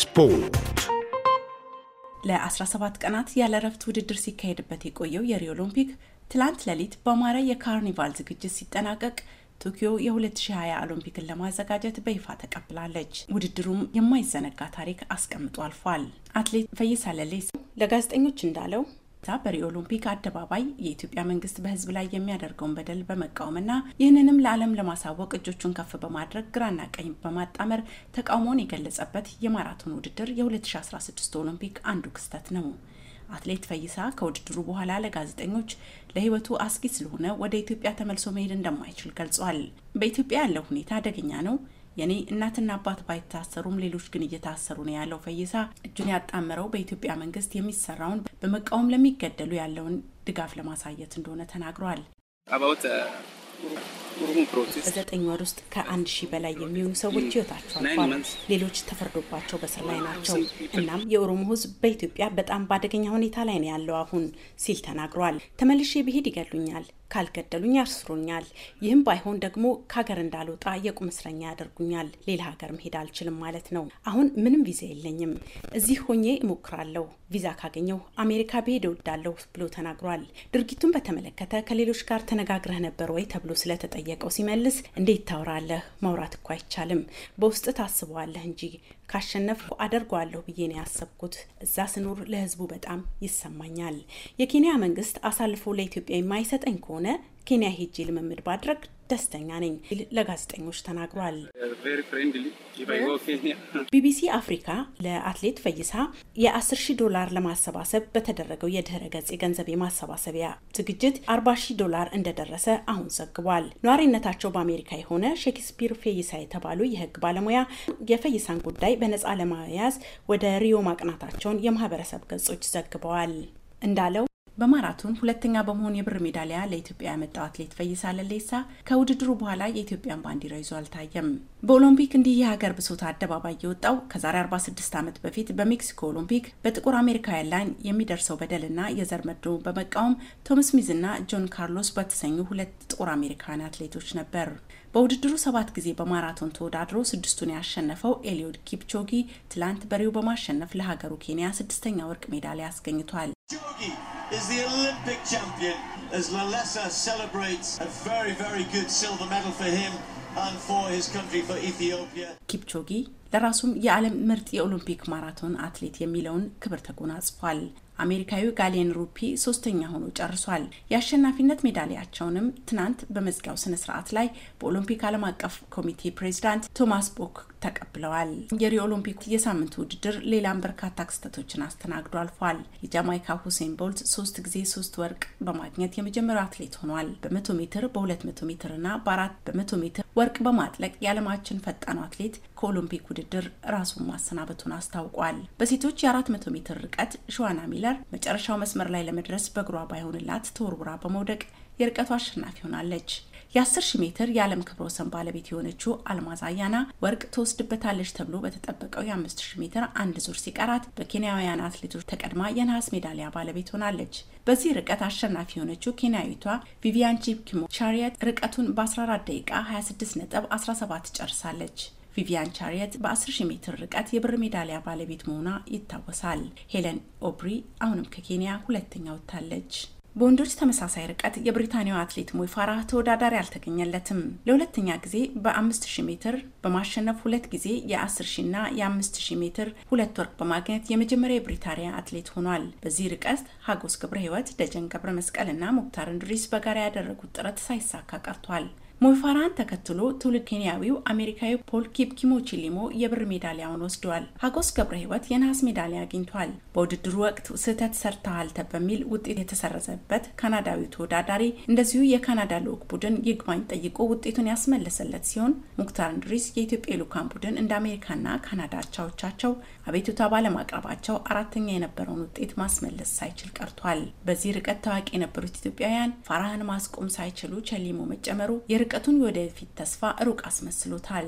ስፖርት ለ17 ቀናት ያለ ረፍት ውድድር ሲካሄድበት የቆየው የሪዮ ኦሎምፒክ ትላንት ሌሊት በማረ የካርኒቫል ዝግጅት ሲጠናቀቅ ቶኪዮ የ2020 ኦሎምፒክን ለማዘጋጀት በይፋ ተቀብላለች። ውድድሩም የማይዘነጋ ታሪክ አስቀምጦ አልፏል። አትሌት ፈይሳ ለሌስ ለጋዜጠኞች እንዳለው ደስታ በሪዮ ኦሎምፒክ አደባባይ የኢትዮጵያ መንግስት በህዝብ ላይ የሚያደርገውን በደል በመቃወምና ይህንንም ለዓለም ለማሳወቅ እጆቹን ከፍ በማድረግ ግራና ቀኝ በማጣመር ተቃውሞውን የገለጸበት የማራቶን ውድድር የ2016 ኦሎምፒክ አንዱ ክስተት ነው። አትሌት ፈይሳ ከውድድሩ በኋላ ለጋዜጠኞች ለህይወቱ አስጊ ስለሆነ ወደ ኢትዮጵያ ተመልሶ መሄድ እንደማይችል ገልጿል። በኢትዮጵያ ያለው ሁኔታ አደገኛ ነው የኔ እናትና አባት ባይታሰሩም ሌሎች ግን እየታሰሩ ነው ያለው ፈይሳ እጁን ያጣመረው በኢትዮጵያ መንግስት የሚሰራውን በመቃወም ለሚገደሉ ያለውን ድጋፍ ለማሳየት እንደሆነ ተናግሯል። uh, በዘጠኝ ወር ውስጥ ከአንድ ሺህ በላይ የሚሆኑ ሰዎች mm. ህይወታቸው አልፏል። ሌሎች ተፈርዶባቸው በስር ላይ ናቸው። እናም የኦሮሞ ህዝብ በኢትዮጵያ በጣም በአደገኛ ሁኔታ ላይ ነው ያለው አሁን ሲል ተናግሯል። ተመልሼ ብሄድ ይገሉኛል፣ ካልገደሉኝ አስሩኛል፣ ይህም ባይሆን ደግሞ ከሀገር እንዳልወጣ የቁም እስረኛ ያደርጉኛል፣ ሌላ ሀገር መሄድ አልችልም ማለት ነው። አሁን ምንም ቪዛ የለኝም፣ እዚህ ሆኜ እሞክራለሁ፣ ቪዛ ካገኘው አሜሪካ ብሄድ እወዳለሁ ብሎ ተናግሯል። ድርጊቱን በተመለከተ ከሌሎች ጋር ተነጋግረህ ነበር ወይ ተብሎ ስለተጠየቀው ሲመልስ እንዴት ታወራለህ? ማውራት እኮ አይቻልም፣ በውስጥ ታስበዋለህ እንጂ ካሸነፍኩ አደርገዋለሁ ብዬ ነው ያሰብኩት። እዛ ስኖር ለህዝቡ በጣም ይሰማኛል። የኬንያ መንግስት አሳልፎ ለኢትዮጵያ የማይሰጠኝ ከሆነ ኬንያ ሄጄ ልምምድ ባድረግ ደስተኛ ነኝ ሲል ለጋዜጠኞች ተናግሯል። ቢቢሲ አፍሪካ ለአትሌት ፈይሳ የ10 ሺህ ዶላር ለማሰባሰብ በተደረገው የድህረ ገጽ የገንዘብ የማሰባሰቢያ ዝግጅት 40 ሺህ ዶላር እንደደረሰ አሁን ዘግቧል። ነዋሪነታቸው በአሜሪካ የሆነ ሼክስፒር ፌይሳ የተባሉ የህግ ባለሙያ የፈይሳን ጉዳይ በነፃ ለመያዝ ወደ ሪዮ ማቅናታቸውን የማህበረሰብ ገጾች ዘግበዋል። እንዳለው በማራቶን ሁለተኛ በመሆን የብር ሜዳሊያ ለኢትዮጵያ ያመጣው አትሌት ፈይሳ ለሌሳ ከውድድሩ በኋላ የኢትዮጵያን ባንዲራ ይዞ አልታየም። በኦሎምፒክ እንዲህ የሀገር ብሶት አደባባይ የወጣው ከዛሬ 46 ዓመት በፊት በሜክሲኮ ኦሎምፒክ በጥቁር አሜሪካውያን ላይ የሚደርሰው በደልና የዘር መድሮ በመቃወም ሚዝ ስሚዝና ጆን ካርሎስ በተሰኙ ሁለት ጥቁር አሜሪካውያን አትሌቶች ነበር። በውድድሩ ሰባት ጊዜ በማራቶን ተወዳድሮ ስድስቱን ያሸነፈው ኤሊዮድ ኪፕቾጊ ትላንት በሪው በማሸነፍ ለሀገሩ ኬንያ ስድስተኛ ወርቅ ሜዳሊያ አስገኝቷል። is the Olympic champion as Lalesa celebrates a very, very good silver medal for him and for his country, for Ethiopia. ኪፕቾጊ ለራሱም የዓለም ምርጥ የኦሎምፒክ ማራቶን አትሌት የሚለውን ክብር ተጎናጽፏል። አሜሪካዊው ጋሌን ሩፒ ሶስተኛ ሆኖ ጨርሷል። የአሸናፊነት ሜዳሊያቸውንም ትናንት በመዝጊያው ስነ ስርዓት ላይ በኦሎምፒክ ዓለም አቀፍ ኮሚቴ ፕሬዚዳንት ቶማስ ቦክ ተቀብለዋል። የሪዮ ኦሎምፒክ የሳምንቱ ውድድር ሌላም በርካታ ክስተቶችን አስተናግዶ አልፏል። የጃማይካ ሁሴን ቦልት ሶስት ጊዜ ሶስት ወርቅ በማግኘት የመጀመሪያው አትሌት ሆኗል። በመቶ ሜትር፣ በሁለት መቶ ሜትር እና በአራት በመቶ ሜትር ወርቅ በማጥለቅ የዓለማችን ፈጣኑ አትሌት ከኦሎምፒክ ውድድር ራሱን ማሰናበቱን አስታውቋል። በሴቶች የአራት መቶ ሜትር ርቀት ሸዋና ሚለር መጨረሻው መስመር ላይ ለመድረስ በእግሯ ባይሆንላት ተወርውራ በመውደቅ የርቀቱ አሸናፊ ሆናለች። የ10 ሺህ ሜትር የዓለም ክብረ ወሰን ባለቤት የሆነችው አልማዝ አያና ወርቅ ትወስድበታለች ተብሎ በተጠበቀው የ5000 ሜትር አንድ ዙር ሲቀራት በኬንያውያን አትሌቶች ተቀድማ የነሐስ ሜዳሊያ ባለቤት ሆናለች። በዚህ ርቀት አሸናፊ የሆነችው ኬንያዊቷ ቪቪያን ቼፕኪሞች ቻሪየት ርቀቱን በ14 ደቂቃ 26 ነጥብ 17 ጨርሳለች። ቪቪያን ቻሪየት በ10 ሜትር ርቀት የብር ሜዳሊያ ባለቤት መሆኗ ይታወሳል። ሄለን ኦብሪ አሁንም ከኬንያ ሁለተኛ ወጥታለች። በወንዶች ተመሳሳይ ርቀት የብሪታንያው አትሌት ሞይፋራ ተወዳዳሪ አልተገኘለትም። ለሁለተኛ ጊዜ በ5000 ሜትር በማሸነፍ ሁለት ጊዜ የ10000 እና የ5000 ሜትር ሁለት ወርቅ በማግኘት የመጀመሪያ የብሪታንያ አትሌት ሆኗል። በዚህ ርቀት ሀጎስ ገብረ ህይወት፣ ደጀን ገብረ መስቀል እና ሙክታር እንድሪስ በጋራ ያደረጉት ጥረት ሳይሳካ ቀርቷል። ሞይፋራን ተከትሎ ትውልድ ኬንያዊው አሜሪካዊ ፖል ኪፕኪሞ ቺሊሞ የብር ሜዳሊያውን ወስደዋል። ሀጎስ ገብረ ሕይወት የነሐስ ሜዳሊያ አግኝቷል። በውድድሩ ወቅት ስህተት ሰርተዋል በሚል ውጤት የተሰረዘበት ካናዳዊ ተወዳዳሪ እንደዚሁ የካናዳ ልዑክ ቡድን ይግባኝ ጠይቆ ውጤቱን ያስመለሰለት ሲሆን ሙክታር እንድሪስ የኢትዮጵያ ልዑካን ቡድን እንደ አሜሪካና ካናዳ አቻዎቻቸው አቤቱታ ባለማቅረባቸው አራተኛ የነበረውን ውጤት ማስመለስ ሳይችል ቀርቷል። በዚህ ርቀት ታዋቂ የነበሩት ኢትዮጵያውያን ፋራህን ማስቆም ሳይችሉ ቸሊሞ መጨመሩ ርቀቱን ወደፊት ተስፋ ሩቅ አስመስሎታል።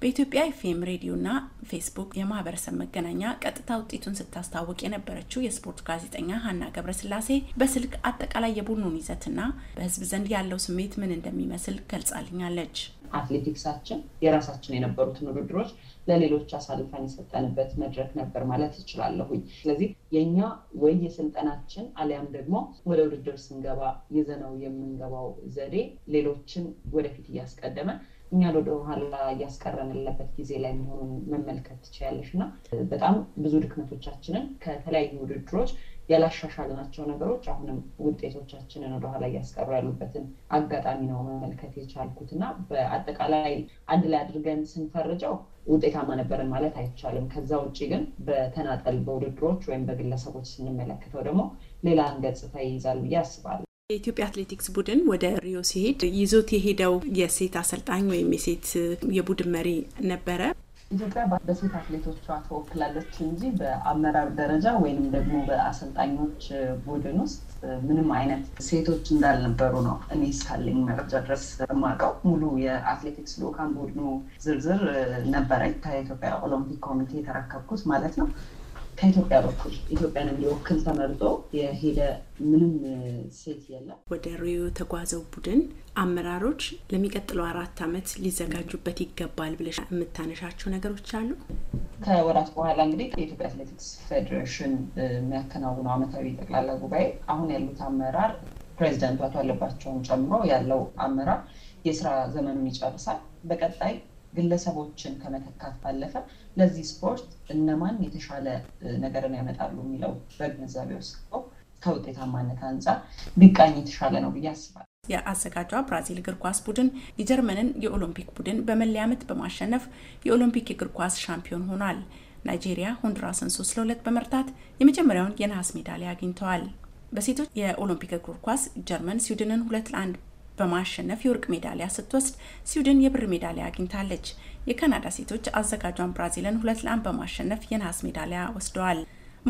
በኢትዮጵያ ኤፍኤም ሬዲዮና ፌስቡክ የማህበረሰብ መገናኛ ቀጥታ ውጤቱን ስታስታውቅ የነበረችው የስፖርት ጋዜጠኛ ሀና ገብረስላሴ በስልክ አጠቃላይ የቡድኑን ይዘትና በህዝብ ዘንድ ያለው ስሜት ምን እንደሚመስል ገልጻልኛለች። አትሌቲክሳችን የራሳችን የነበሩትን ውድድሮች ለሌሎች አሳልፈን የሰጠንበት መድረክ ነበር ማለት ይችላለሁኝ። ስለዚህ የኛ ወይ የስልጠናችን አሊያም ደግሞ ወደ ውድድር ስንገባ ይዘነው የምንገባው ዘዴ ሌሎችን ወደፊት እያስቀደመ እኛን ወደ ኋላ እያስቀረንለበት ጊዜ ላይ መሆኑን መመልከት ትችያለሽ። እና በጣም ብዙ ድክመቶቻችንን ከተለያዩ ውድድሮች ያላሻሻልናቸው ነገሮች አሁንም ውጤቶቻችንን ወደኋላ እያስቀሩ ያሉበትን አጋጣሚ ነው መመልከት የቻልኩት እና በአጠቃላይ አንድ ላይ አድርገን ስንፈርጀው ውጤታማ ነበርን ማለት አይቻልም። ከዛ ውጭ ግን በተናጠል በውድድሮች ወይም በግለሰቦች ስንመለከተው ደግሞ ሌላን ገጽታ ይይዛል ብዬ አስባለሁ። የኢትዮጵያ አትሌቲክስ ቡድን ወደ ሪዮ ሲሄድ ይዞት የሄደው የሴት አሰልጣኝ ወይም የሴት የቡድን መሪ ነበረ። ኢትዮጵያ በሴት አትሌቶቿ ተወክላለች እንጂ በአመራር ደረጃ ወይንም ደግሞ በአሰልጣኞች ቡድን ውስጥ ምንም አይነት ሴቶች እንዳልነበሩ ነው እኔ እስካለኝ መረጃ ድረስ የማውቀው። ሙሉ የአትሌቲክስ ልዑካን ቡድኑ ዝርዝር ነበረኝ ከኢትዮጵያ ኦሎምፒክ ኮሚቴ የተረከብኩት ማለት ነው። ከኢትዮጵያ በኩል ኢትዮጵያን እንዲወክል ተመርጦ የሄደ ምንም ሴት የለም። ወደ ሪዮ የተጓዘው ቡድን አመራሮች ለሚቀጥለው አራት ዓመት ሊዘጋጁበት ይገባል ብለሽ የምታነሻቸው ነገሮች አሉ? ከወራት በኋላ እንግዲህ የኢትዮጵያ አትሌቲክስ ፌዴሬሽን የሚያከናውነው ዓመታዊ ጠቅላላ ጉባኤ አሁን ያሉት አመራር ፕሬዚደንቱ አቶ አለባቸውን ጨምሮ ያለው አመራር የስራ ዘመኑን ይጨርሳል። በቀጣይ ግለሰቦችን ከመተካት ባለፈ ለዚህ ስፖርት እነማን የተሻለ ነገርን ያመጣሉ የሚለው በግንዛቤ ውስጥ ከውጤታማነት አንጻር ቢቃኝ የተሻለ ነው ብዬ አስባል። የአዘጋጇ ብራዚል እግር ኳስ ቡድን የጀርመንን የኦሎምፒክ ቡድን በመለያ ምት በማሸነፍ የኦሎምፒክ እግር ኳስ ሻምፒዮን ሆኗል። ናይጄሪያ ሆንዱራስን ሶስት ለሁለት በመርታት የመጀመሪያውን የነሐስ ሜዳሊያ አግኝተዋል። በሴቶች የኦሎምፒክ እግር ኳስ ጀርመን ስዊድንን ሁለት ለአንድ በማሸነፍ የወርቅ ሜዳሊያ ስትወስድ ስዊድን የብር ሜዳሊያ አግኝታለች። የካናዳ ሴቶች አዘጋጇን ብራዚልን ሁለት ለአንድ በማሸነፍ የነሐስ ሜዳሊያ ወስደዋል።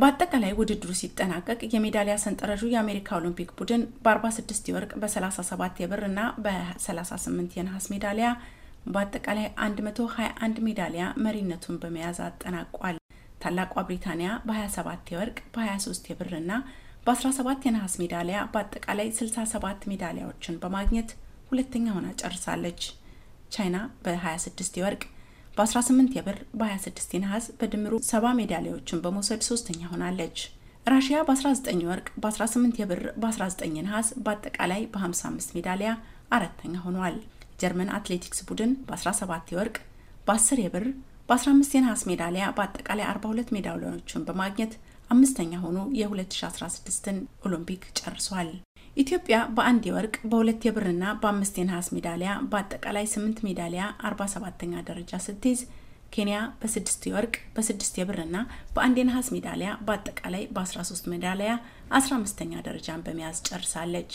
በአጠቃላይ ውድድሩ ሲጠናቀቅ የሜዳሊያ ሰንጠረዡ የአሜሪካ ኦሎምፒክ ቡድን በ46 የወርቅ በ37 የብር እና በ38 የነሐስ ሜዳሊያ በአጠቃላይ 121 ሜዳሊያ መሪነቱን በመያዝ አጠናቋል። ታላቋ ብሪታንያ በ27 የወርቅ በ23 የብር እና በ17 የነሐስ ሜዳሊያ በአጠቃላይ 67 ሜዳሊያዎችን በማግኘት ሁለተኛ ሆና ጨርሳለች። ቻይና በ26 የወርቅ፣ በ18 የብር፣ በ26 የነሐስ በድምሩ 70 ሜዳሊያዎችን በመውሰድ ሶስተኛ ሆናለች። ራሽያ በ19 የወርቅ፣ በ18 የብር፣ በ19 የነሐስ በአጠቃላይ በ55 ሜዳሊያ አራተኛ ሆኗል። የጀርመን አትሌቲክስ ቡድን በ17 የወርቅ፣ በ10 የብር፣ በ15 የነሐስ ሜዳሊያ በአጠቃላይ 42 ሜዳሊያዎችን በማግኘት አምስተኛ ሆኖ የ2016ን ኦሎምፒክ ጨርሷል። ኢትዮጵያ በአንድ የወርቅ በሁለት የብርና በአምስት የነሐስ ሜዳሊያ በአጠቃላይ ስምንት ሜዳሊያ 47ተኛ ደረጃ ስትይዝ ኬንያ በስድስት የወርቅ በስድስት የብርና በአንድ የነሐስ ሜዳሊያ በአጠቃላይ በ13 ሜዳሊያ 15 ኛ ደረጃን በመያዝ ጨርሳለች።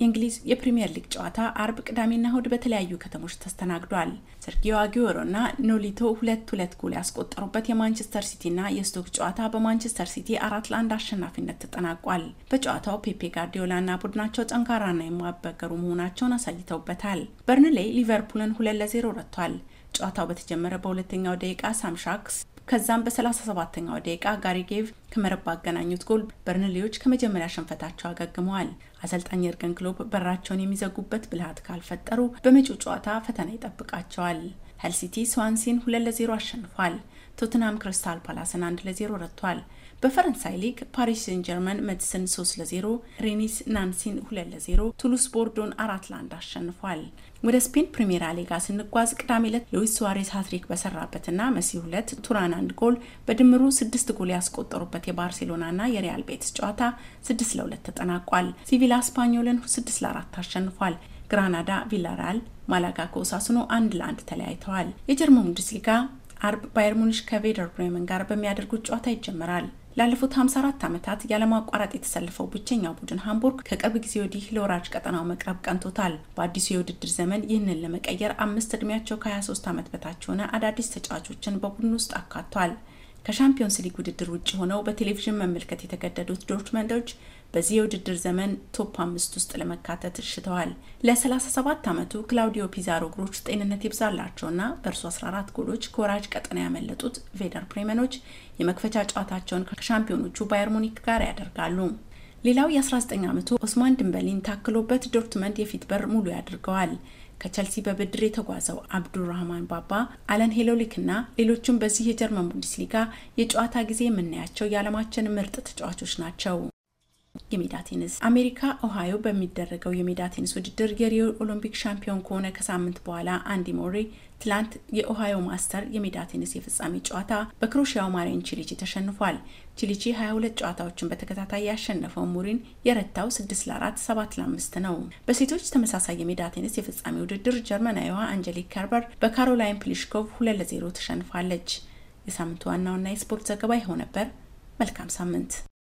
የእንግሊዝ የፕሪምየር ሊግ ጨዋታ አርብ፣ ቅዳሜና እሁድ በተለያዩ ከተሞች ተስተናግዷል። ሰርጊዮ አጊዌሮ እና ኖሊቶ ሁለት ሁለት ጎል ያስቆጠሩበት የማንቸስተር ሲቲና የስቶክ ጨዋታ በማንቸስተር ሲቲ አራት ለአንድ አሸናፊነት ተጠናቋል። በጨዋታው ፔፔ ጋርዲዮላና ቡድናቸው ጠንካራና የማበገሩ መሆናቸውን አሳይተውበታል። በርንሌይ ሊቨርፑልን ሁለት ለዜሮ ረቷል። ጨዋታው በተጀመረ በሁለተኛው ደቂቃ ሳምሻክስ ከዛም በ37ኛው ደቂቃ ጋሪጌቭ ከመረብ አገናኙት ጎል በርንሌዎች ከመጀመሪያ ሽንፈታቸው አገግመዋል። አሰልጣኝ የርገን ክሎብ በራቸውን የሚዘጉበት ብልሃት ካልፈጠሩ በመጪው ጨዋታ ፈተና ይጠብቃቸዋል። ሄል ሲቲ ስዋንሲን ሁለት ለዜሮ አሸንፏል። ቶትናም ክሪስታል ፓላስን አንድ ለዜሮ ረቷል። በፈረንሳይ ሊግ ፓሪስ ሴን ጀርመን መድስን 3 ለ0፣ ሬኒስ ናንሲን 2 ለ0፣ ቱሉስ ቦርዶን አራት ለአንድ አሸንፏል። ወደ ስፔን ፕሪሜራ ሊጋ ስንጓዝ ቅዳሜ ዕለት ሉዊስ ሱዋሬዝ ሃትሪክ በሰራበትና መሲ ሁለት ቱራን አንድ ጎል በድምሩ ስድስት ጎል ያስቆጠሩበት የባርሴሎናና የሪያል ቤትስ ጨዋታ ስድስት ለሁለት ተጠናቋል። ሲቪላ ስፓኞልን ስድስት ለአራት አሸንፏል። ግራናዳ ቪላሪያል፣ ማላጋ 1 አንድ ለአንድ ተለያይተዋል። የጀርመን ቡንደስሊጋ አርብ ባየር ሙኒሽ ከቬደር ብሬመን ጋር በሚያደርጉት ጨዋታ ይጀምራል። ላለፉት 54 ዓመታት ያለማቋረጥ የተሰለፈው ብቸኛው ቡድን ሃምቡርግ ከቅርብ ጊዜ ወዲህ ለወራጅ ቀጠናው መቅረብ ቀንቶታል። በአዲሱ የውድድር ዘመን ይህንን ለመቀየር አምስት ዕድሜያቸው ከ23 ዓመት በታች የሆነ አዳዲስ ተጫዋቾችን በቡድን ውስጥ አካቷል። ከሻምፒዮንስ ሊግ ውድድር ውጭ ሆነው በቴሌቪዥን መመልከት የተገደዱት ዶርትመንዶች በዚህ የውድድር ዘመን ቶፕ አምስት ውስጥ ለመካተት ሽተዋል ለ ለ37 ዓመቱ ክላውዲዮ ፒዛሮ እግሮች ጤንነት ይብዛላቸውና በእርሱ 14 ጎሎች ከወራጅ ቀጠና ያመለጡት ቬደር ፕሬመኖች የመክፈቻ ጨዋታቸውን ከሻምፒዮኖቹ ባየር ሙኒክ ጋር ያደርጋሉ። ሌላው የ19 ዓመቱ ኦስማን ድንበሊን ታክሎበት ዶርትመንድ የፊት በር ሙሉ ያድርገዋል። ከቸልሲ በብድር የተጓዘው አብዱራህማን ባባ፣ አለን ሄሎሊክ እና ሌሎቹም በዚህ የጀርመን ቡንደስሊጋ የጨዋታ ጊዜ የምናያቸው የዓለማችን ምርጥ ተጫዋቾች ናቸው። የሜዳ ቴኒስ አሜሪካ ኦሃዮ በሚደረገው የሜዳ ቴኒስ ውድድር የሪዮ ኦሎምፒክ ሻምፒዮን ከሆነ ከሳምንት በኋላ አንዲ ሞሬ ትላንት የኦሃዮ ማስተር የሜዳ ቴኒስ የፍጻሜ ጨዋታ በክሮሺያው ማሪን ቺሊቺ ተሸንፏል። ቺሊቺ 22 ጨዋታዎችን በተከታታይ ያሸነፈው ሙሪን የረታው 6 ለ4 7 ለ5 ነው። በሴቶች ተመሳሳይ የሜዳ ቴኒስ የፍጻሜ ውድድር ጀርመናዊዋ አንጀሊክ ከርበር በካሮላይን ፕሊሽኮቭ 2 ለ0 ተሸንፋለች። የሳምንቱ ዋናውና የስፖርት ዘገባ ይኸው ነበር። መልካም ሳምንት።